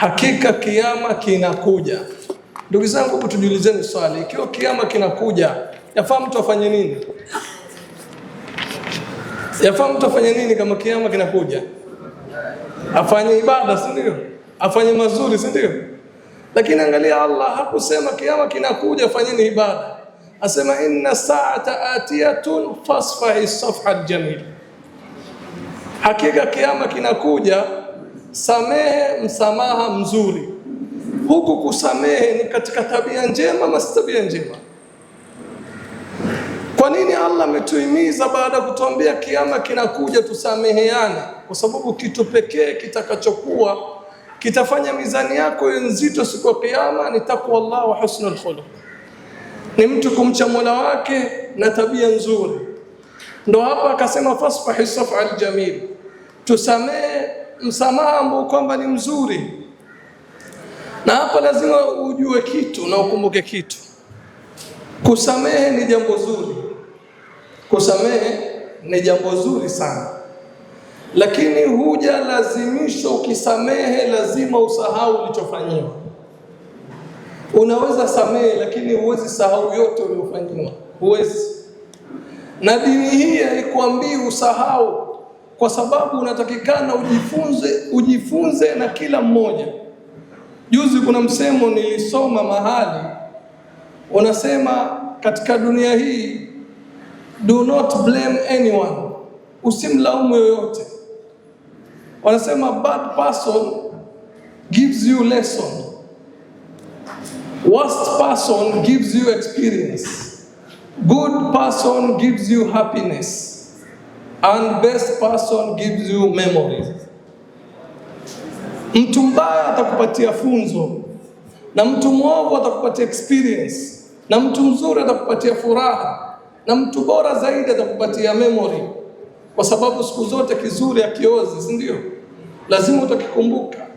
Hakika kiama kinakuja. Ndugu zangu, hebu tujiulizeni swali, ikiwa kiama kinakuja, yafaa mtu afanye nini? Yafaa mtu afanye nini kama kiama kinakuja? Afanye ibada, si ndio? Afanye mazuri, si ndio? Lakini angalia, Allah hakusema kiama kinakuja fanyeni ibada, asema inna saata atiyatun fasfahi safha aljamil, hakika kiama kinakuja samehe msamaha mzuri. Huku kusamehe ni katika tabia njema masi si tabia njema? Kwa nini Allah ametuhimiza baada ya kutuambia kiama kinakuja tusameheane? Kwa sababu kitu pekee kitakachokuwa kitafanya mizani yako iwe nzito siku ya kiama ni takwa Allah wa husnul khuluq, ni mtu kumcha Mola wake na tabia nzuri. Ndo hapa akasema fasfahi safa aljamil, tusamehe msamaha ambao kwamba ni mzuri. Na hapa lazima ujue kitu na ukumbuke kitu, kusamehe ni jambo zuri, kusamehe ni jambo zuri sana, lakini huja lazimisho. Ukisamehe lazima usahau ulichofanyiwa. Unaweza samehe, lakini huwezi sahau yote uliofanyiwa, huwezi. Na dini hii haikuambii usahau kwa sababu unatakikana ujifunze, ujifunze na kila mmoja. Juzi kuna msemo nilisoma mahali unasema, katika dunia hii do not blame anyone, usimlaumu yoyote. Wanasema bad person gives you lesson, worst person gives you experience, good person gives you happiness and best person gives you memories. Mtu mbaya atakupatia funzo na mtu mwovu atakupatia experience na mtu mzuri atakupatia furaha na mtu bora zaidi atakupatia memory, kwa sababu siku zote kizuri akiozi, si ndio? Lazima utakikumbuka.